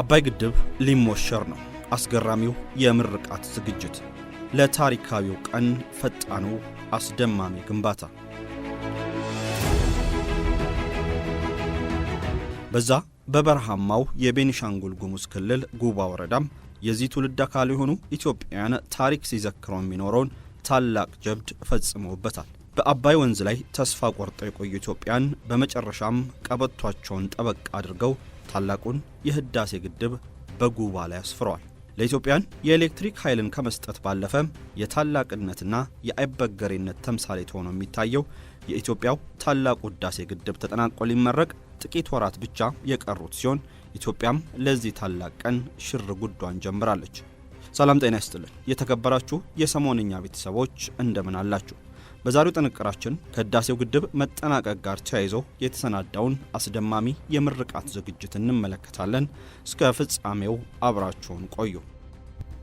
አባይ ግድብ ሊሞሸር ነው። አስገራሚው የምርቃት ዝግጅት፣ ለታሪካዊው ቀን ፈጣኑ አስደማሚ ግንባታ። በዛ በበረሃማው የቤኒሻንጉል ጉሙዝ ክልል ጉባ ወረዳም የዚህ ትውልድ አካል የሆኑ ኢትዮጵያውያን ታሪክ ሲዘክረው የሚኖረውን ታላቅ ጀብድ ፈጽመውበታል። በአባይ ወንዝ ላይ ተስፋ ቆርጠው የቆዩ ኢትዮጵያን በመጨረሻም ቀበቷቸውን ጠበቅ አድርገው ታላቁን የህዳሴ ግድብ በጉባ ላይ አስፍረዋል። ለኢትዮጵያን የኤሌክትሪክ ኃይልን ከመስጠት ባለፈ የታላቅነትና የአይበገሬነት ተምሳሌት ሆኖ የሚታየው የኢትዮጵያው ታላቁ ህዳሴ ግድብ ተጠናቆ ሊመረቅ ጥቂት ወራት ብቻ የቀሩት ሲሆን ኢትዮጵያም ለዚህ ታላቅ ቀን ሽር ጉዷን ጀምራለች። ሰላም ጤና ይስጥልን። የተከበራችሁ የሰሞንኛ ቤተሰቦች እንደምን አላችሁ? በዛሬው ጥንቅራችን ከህዳሴው ግድብ መጠናቀቅ ጋር ተያይዞ የተሰናዳውን አስደማሚ የምርቃት ዝግጅት እንመለከታለን። እስከ ፍጻሜው አብራችሁን ቆዩ።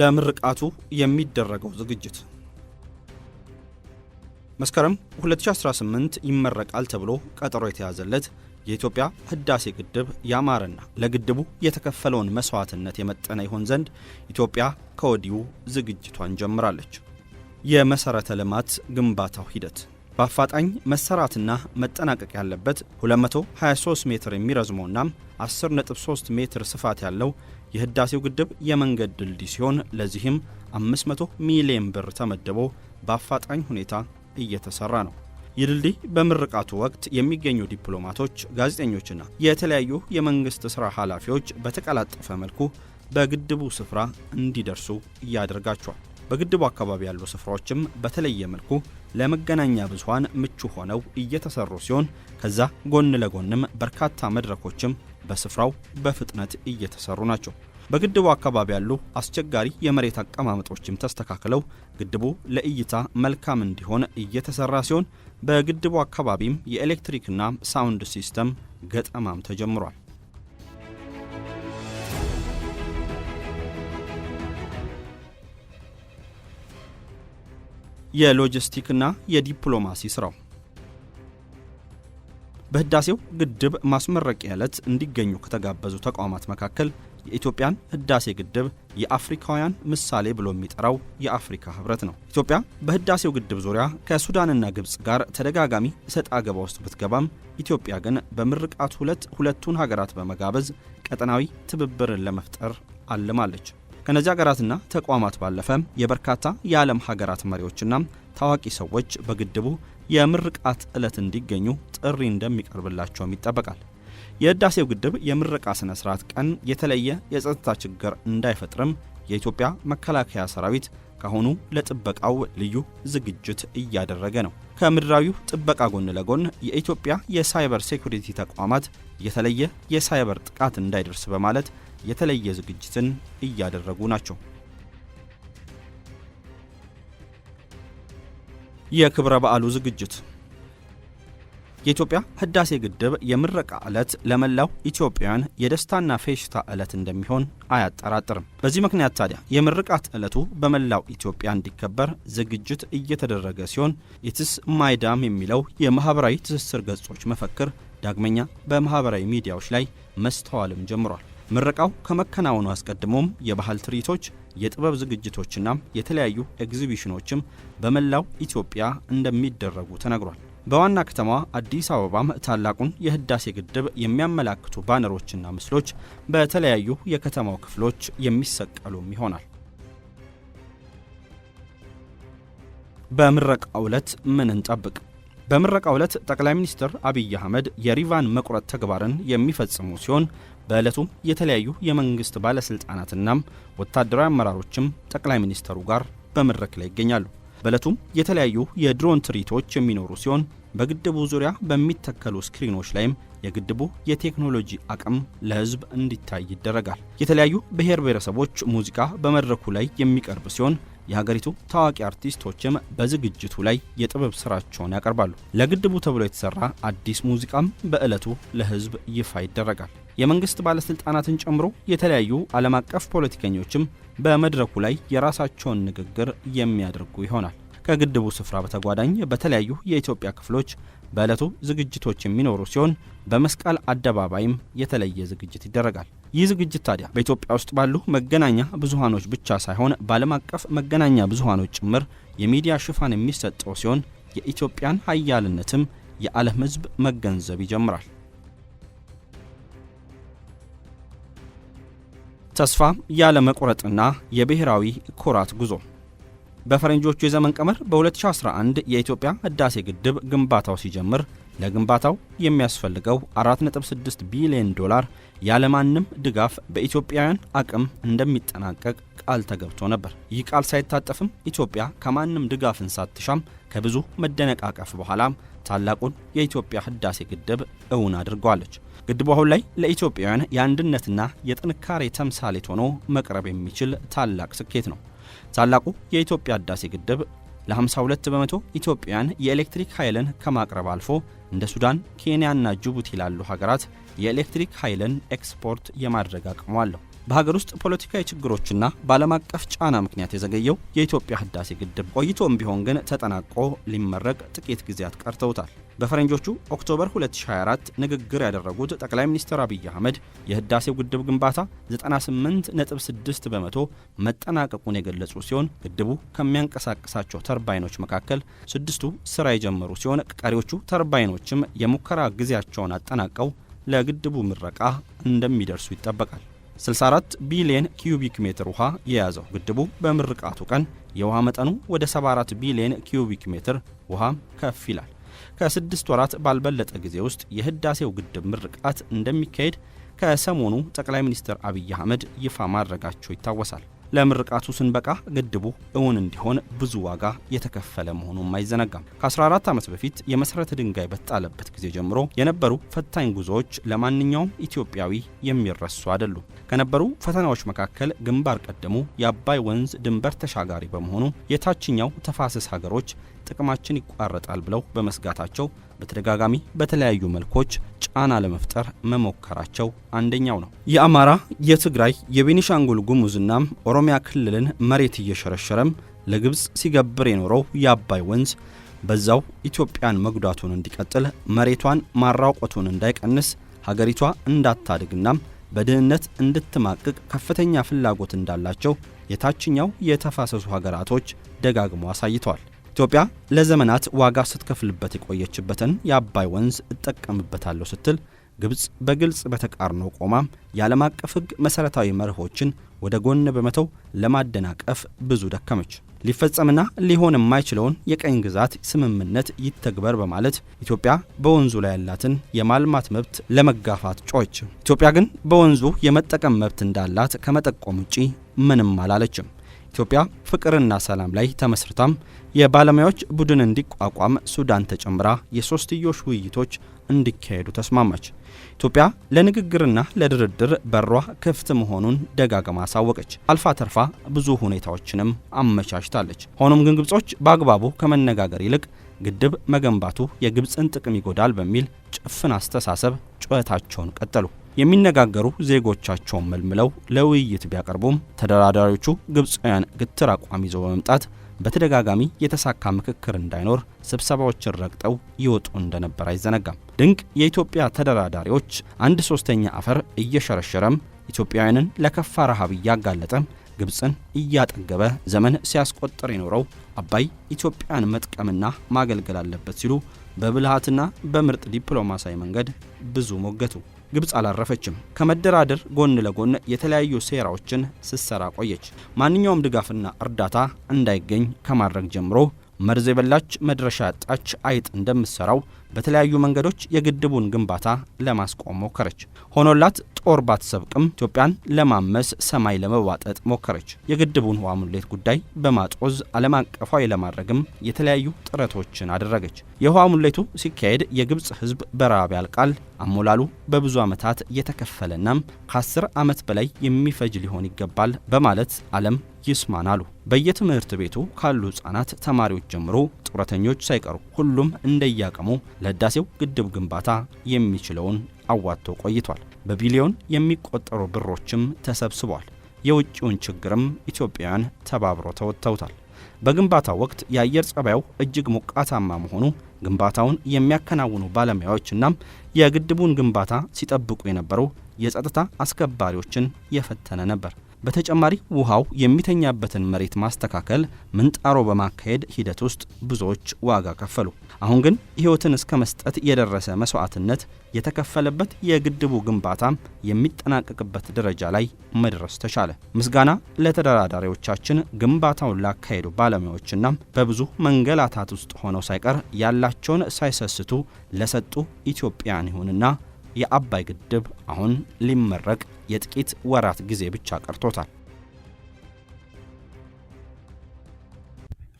ለምርቃቱ የሚደረገው ዝግጅት መስከረም 2018 ይመረቃል ተብሎ ቀጠሮ የተያዘለት የኢትዮጵያ ህዳሴ ግድብ ያማረና ለግድቡ የተከፈለውን መስዋዕትነት የመጠነ ይሆን ዘንድ ኢትዮጵያ ከወዲሁ ዝግጅቷን ጀምራለች። የመሠረተ ልማት ግንባታው ሂደት በአፋጣኝ መሰራትና መጠናቀቅ ያለበት 223 ሜትር የሚረዝመውና 10.3 ሜትር ስፋት ያለው የህዳሴው ግድብ የመንገድ ድልድይ ሲሆን ለዚህም 500 ሚሊዮን ብር ተመድቦ በአፋጣኝ ሁኔታ እየተሰራ ነው። ይህ ድልድይ በምርቃቱ ወቅት የሚገኙ ዲፕሎማቶች፣ ጋዜጠኞችና የተለያዩ የመንግስት ሥራ ኃላፊዎች በተቀላጠፈ መልኩ በግድቡ ስፍራ እንዲደርሱ እያደርጋቸዋል። በግድቡ አካባቢ ያሉ ስፍራዎችም በተለየ መልኩ ለመገናኛ ብዙሃን ምቹ ሆነው እየተሰሩ ሲሆን ከዛ ጎን ለጎንም በርካታ መድረኮችም በስፍራው በፍጥነት እየተሰሩ ናቸው። በግድቡ አካባቢ ያሉ አስቸጋሪ የመሬት አቀማመጦችም ተስተካክለው ግድቡ ለእይታ መልካም እንዲሆን እየተሰራ ሲሆን በግድቡ አካባቢም የኤሌክትሪክና ሳውንድ ሲስተም ገጠማም ተጀምሯል። የሎጂስቲክና የዲፕሎማሲ ስራው በህዳሴው ግድብ ማስመረቂያ ዕለት እንዲገኙ ከተጋበዙ ተቋማት መካከል የኢትዮጵያን ህዳሴ ግድብ የአፍሪካውያን ምሳሌ ብሎ የሚጠራው የአፍሪካ ህብረት ነው። ኢትዮጵያ በህዳሴው ግድብ ዙሪያ ከሱዳንና ግብፅ ጋር ተደጋጋሚ እሰጥ አገባ ውስጥ ብትገባም ኢትዮጵያ ግን በምርቃቱ ዕለት ሁለቱን ሀገራት በመጋበዝ ቀጠናዊ ትብብርን ለመፍጠር አልማለች። ከነዚህ ሀገራትና ተቋማት ባለፈ የበርካታ የዓለም ሀገራት መሪዎችና ታዋቂ ሰዎች በግድቡ የምርቃት ዕለት እንዲገኙ ጥሪ እንደሚቀርብላቸውም ይጠበቃል። የህዳሴው ግድብ የምረቃ ሥነ ሥርዓት ቀን የተለየ የጸጥታ ችግር እንዳይፈጥርም የኢትዮጵያ መከላከያ ሰራዊት ካሁኑ ለጥበቃው ልዩ ዝግጅት እያደረገ ነው። ከምድራዊው ጥበቃ ጎን ለጎን የኢትዮጵያ የሳይበር ሴኩሪቲ ተቋማት የተለየ የሳይበር ጥቃት እንዳይደርስ በማለት የተለየ ዝግጅትን እያደረጉ ናቸው። የክብረ በዓሉ ዝግጅት የኢትዮጵያ ህዳሴ ግድብ የምረቃ ዕለት ለመላው ኢትዮጵያውያን የደስታና ፌሽታ ዕለት እንደሚሆን አያጠራጥርም። በዚህ ምክንያት ታዲያ የምርቃት ዕለቱ በመላው ኢትዮጵያ እንዲከበር ዝግጅት እየተደረገ ሲሆን ኢትስ ማይዳም የሚለው የማኅበራዊ ትስስር ገጾች መፈክር ዳግመኛ በማኅበራዊ ሚዲያዎች ላይ መስተዋልም ጀምሯል። ምረቃው ከመከናወኑ አስቀድሞም የባህል ትርኢቶች፣ የጥበብ ዝግጅቶችና የተለያዩ ኤግዚቢሽኖችም በመላው ኢትዮጵያ እንደሚደረጉ ተነግሯል። በዋና ከተማ አዲስ አበባም ታላቁን የህዳሴ ግድብ የሚያመላክቱ ባነሮችና ምስሎች በተለያዩ የከተማው ክፍሎች የሚሰቀሉም ይሆናል። በምረቃው ዕለት ምን እንጠብቅ? በምረቃ ዕለት ጠቅላይ ሚኒስትር አብይ አህመድ የሪቫን መቁረጥ ተግባርን የሚፈጽሙ ሲሆን በዕለቱም የተለያዩ የመንግሥት ባለስልጣናትና ወታደራዊ አመራሮችም ጠቅላይ ሚኒስትሩ ጋር በመድረክ ላይ ይገኛሉ። በዕለቱም የተለያዩ የድሮን ትርኢቶች የሚኖሩ ሲሆን በግድቡ ዙሪያ በሚተከሉ ስክሪኖች ላይም የግድቡ የቴክኖሎጂ አቅም ለሕዝብ እንዲታይ ይደረጋል። የተለያዩ ብሔር ብሔረሰቦች ሙዚቃ በመድረኩ ላይ የሚቀርብ ሲሆን የሀገሪቱ ታዋቂ አርቲስቶችም በዝግጅቱ ላይ የጥበብ ስራቸውን ያቀርባሉ። ለግድቡ ተብሎ የተሰራ አዲስ ሙዚቃም በዕለቱ ለህዝብ ይፋ ይደረጋል። የመንግስት ባለስልጣናትን ጨምሮ የተለያዩ ዓለም አቀፍ ፖለቲከኞችም በመድረኩ ላይ የራሳቸውን ንግግር የሚያደርጉ ይሆናል። ከግድቡ ስፍራ በተጓዳኝ በተለያዩ የኢትዮጵያ ክፍሎች በዕለቱ ዝግጅቶች የሚኖሩ ሲሆን በመስቀል አደባባይም የተለየ ዝግጅት ይደረጋል። ይህ ዝግጅት ታዲያ በኢትዮጵያ ውስጥ ባሉ መገናኛ ብዙሃኖች ብቻ ሳይሆን በዓለም አቀፍ መገናኛ ብዙሃኖች ጭምር የሚዲያ ሽፋን የሚሰጠው ሲሆን የኢትዮጵያን ሀያልነትም የዓለም ሕዝብ መገንዘብ ይጀምራል። ተስፋ ያለመቁረጥና የብሔራዊ ኩራት ጉዞ በፈረንጆቹ የዘመን ቀመር በ2011 የኢትዮጵያ ህዳሴ ግድብ ግንባታው ሲጀምር ለግንባታው የሚያስፈልገው 4.6 ቢሊዮን ዶላር ያለማንም ድጋፍ በኢትዮጵያውያን አቅም እንደሚጠናቀቅ ቃል ተገብቶ ነበር። ይህ ቃል ሳይታጠፍም ኢትዮጵያ ከማንም ድጋፍን ሳትሻም ከብዙ መደነቃቀፍ በኋላ ታላቁን የኢትዮጵያ ህዳሴ ግድብ እውን አድርጓለች። ግድቡ አሁን ላይ ለኢትዮጵያውያን የአንድነትና የጥንካሬ ተምሳሌት ሆኖ መቅረብ የሚችል ታላቅ ስኬት ነው። ታላቁ የኢትዮጵያ ህዳሴ ግድብ ለ52 በመቶ ኢትዮጵያን የኤሌክትሪክ ኃይልን ከማቅረብ አልፎ እንደ ሱዳን፣ ኬንያና ጅቡቲ ላሉ ሀገራት የኤሌክትሪክ ኃይልን ኤክስፖርት የማድረግ አቅሙ አለው። በሀገር ውስጥ ፖለቲካዊ ችግሮችና በዓለም አቀፍ ጫና ምክንያት የዘገየው የኢትዮጵያ ህዳሴ ግድብ ቆይቶም ቢሆን ግን ተጠናቆ ሊመረቅ ጥቂት ጊዜያት ቀርተውታል። በፈረንጆቹ ኦክቶበር 2024 ንግግር ያደረጉት ጠቅላይ ሚኒስትር አብይ አህመድ የህዳሴው ግድብ ግንባታ 98.6 በመቶ መጠናቀቁን የገለጹ ሲሆን ግድቡ ከሚያንቀሳቅሳቸው ተርባይኖች መካከል ስድስቱ ስራ የጀመሩ ሲሆን ቀሪዎቹ ተርባይኖችም የሙከራ ጊዜያቸውን አጠናቀው ለግድቡ ምረቃ እንደሚደርሱ ይጠበቃል። 64 ቢሊዮን ኪዩቢክ ሜትር ውሃ የያዘው ግድቡ በምርቃቱ ቀን የውሃ መጠኑ ወደ 74 ቢሊዮን ኪዩቢክ ሜትር ውሃም ከፍ ይላል። ከስድስት ወራት ባልበለጠ ጊዜ ውስጥ የህዳሴው ግድብ ምርቃት እንደሚካሄድ ከሰሞኑ ጠቅላይ ሚኒስትር አብይ አህመድ ይፋ ማድረጋቸው ይታወሳል። ለምርቃቱ ስንበቃ ግድቡ እውን እንዲሆን ብዙ ዋጋ የተከፈለ መሆኑም አይዘነጋም። ከ14 ዓመት በፊት የመሠረተ ድንጋይ በጣለበት ጊዜ ጀምሮ የነበሩ ፈታኝ ጉዞዎች ለማንኛውም ኢትዮጵያዊ የሚረሱ አይደሉም። ከነበሩ ፈተናዎች መካከል ግንባር ቀደሙ የአባይ ወንዝ ድንበር ተሻጋሪ በመሆኑ የታችኛው ተፋሰስ ሀገሮች ጥቅማችን ይቋረጣል ብለው በመስጋታቸው በተደጋጋሚ በተለያዩ መልኮች ጫና ለመፍጠር መሞከራቸው አንደኛው ነው። የአማራ፣ የትግራይ፣ የቤኒሻንጉል ጉሙዝና ኦሮሚያ ክልልን መሬት እየሸረሸረም ለግብፅ ሲገብር የኖረው የአባይ ወንዝ በዛው ኢትዮጵያን መጉዳቱን እንዲቀጥል መሬቷን ማራቆቱን እንዳይቀንስ ሀገሪቷ እንዳታድግናም በድህነት እንድትማቅቅ ከፍተኛ ፍላጎት እንዳላቸው የታችኛው የተፋሰሱ ሀገራቶች ደጋግሞ አሳይተዋል። ኢትዮጵያ ለዘመናት ዋጋ ስትከፍልበት የቆየችበትን የአባይ ወንዝ እጠቀምበታለሁ ስትል ግብፅ በግልጽ በተቃርኖ ቆማ የዓለም አቀፍ ሕግ መሠረታዊ መርሆችን ወደ ጎን በመተው ለማደናቀፍ ብዙ ደከመች። ሊፈጸምና ሊሆን የማይችለውን የቀኝ ግዛት ስምምነት ይተግበር በማለት ኢትዮጵያ በወንዙ ላይ ያላትን የማልማት መብት ለመጋፋት ጮች። ኢትዮጵያ ግን በወንዙ የመጠቀም መብት እንዳላት ከመጠቆም ውጪ ምንም አላለችም። ኢትዮጵያ ፍቅርና ሰላም ላይ ተመስርታም የባለሙያዎች ቡድን እንዲቋቋም ሱዳን ተጨምራ የሶስትዮሽ ውይይቶች እንዲካሄዱ ተስማማች። ኢትዮጵያ ለንግግርና ለድርድር በሯ ክፍት መሆኑን ደጋግማ አሳወቀች። አልፋ ተርፋ ብዙ ሁኔታዎችንም አመቻችታለች። ሆኖም ግን ግብጾች በአግባቡ ከመነጋገር ይልቅ ግድብ መገንባቱ የግብፅን ጥቅም ይጎዳል በሚል ጭፍን አስተሳሰብ ጩኸታቸውን ቀጠሉ። የሚነጋገሩ ዜጎቻቸውን መልምለው ለውይይት ቢያቀርቡም ተደራዳሪዎቹ ግብፃውያን ግትር አቋም ይዘው በመምጣት በተደጋጋሚ የተሳካ ምክክር እንዳይኖር ስብሰባዎችን ረግጠው ይወጡ እንደነበር አይዘነጋም። ድንቅ የኢትዮጵያ ተደራዳሪዎች አንድ ሶስተኛ አፈር እየሸረሸረም ኢትዮጵያውያንን ለከፋ ረሃብ እያጋለጠም ግብፅን እያጠገበ ዘመን ሲያስቆጥር የኖረው አባይ ኢትዮጵያን መጥቀምና ማገልገል አለበት ሲሉ በብልሃትና በምርጥ ዲፕሎማሲያዊ መንገድ ብዙ ሞገቱ። ግብፅ አላረፈችም። ከመደራደር ጎን ለጎን የተለያዩ ሴራዎችን ስትሰራ ቆየች። ማንኛውም ድጋፍና እርዳታ እንዳይገኝ ከማድረግ ጀምሮ መርዝ የበላች መድረሻ ያጣች አይጥ እንደምትሰራው በተለያዩ መንገዶች የግድቡን ግንባታ ለማስቆም ሞከረች። ሆኖላት ጦር ባትሰብቅም ኢትዮጵያን ለማመስ ሰማይ ለመዋጠጥ ሞከረች። የግድቡን ውሃ ሙሌት ጉዳይ በማጦዝ ዓለም አቀፋዊ ለማድረግም የተለያዩ ጥረቶችን አደረገች። የውሃ ሙሌቱ ሲካሄድ የግብፅ ሕዝብ በረሃብ ያልቃል። አሞላሉ በብዙ ዓመታት የተከፈለናም ከአስር ዓመት በላይ የሚፈጅ ሊሆን ይገባል በማለት ዓለም ይስማን አሉ። በየትምህርት ቤቱ ካሉ ህጻናት ተማሪዎች ጀምሮ ጡረተኞች ሳይቀሩ ሁሉም እንደያቀሙ ለህዳሴው ግድብ ግንባታ የሚችለውን አዋጥቶ ቆይቷል። በቢሊዮን የሚቆጠሩ ብሮችም ተሰብስቧል። የውጭውን ችግርም ኢትዮጵያውያን ተባብሮ ተወጥተውታል። በግንባታው ወቅት የአየር ጸባዩ እጅግ ሞቃታማ መሆኑ ግንባታውን የሚያከናውኑ ባለሙያዎችና የግድቡን ግንባታ ሲጠብቁ የነበሩ የጸጥታ አስከባሪዎችን የፈተነ ነበር። በተጨማሪ ውሃው የሚተኛበትን መሬት ማስተካከል፣ ምንጣሮ በማካሄድ ሂደት ውስጥ ብዙዎች ዋጋ ከፈሉ። አሁን ግን ሕይወትን እስከ መስጠት የደረሰ መስዋዕትነት የተከፈለበት የግድቡ ግንባታም የሚጠናቀቅበት ደረጃ ላይ መድረስ ተቻለ። ምስጋና ለተደራዳሪዎቻችን፣ ግንባታውን ላካሄዱ ባለሙያዎችና በብዙ መንገላታት ውስጥ ሆነው ሳይቀር ያላቸውን ሳይሰስቱ ለሰጡ ኢትዮጵያን ይሁንና የአባይ ግድብ አሁን ሊመረቅ የጥቂት ወራት ጊዜ ብቻ ቀርቶታል።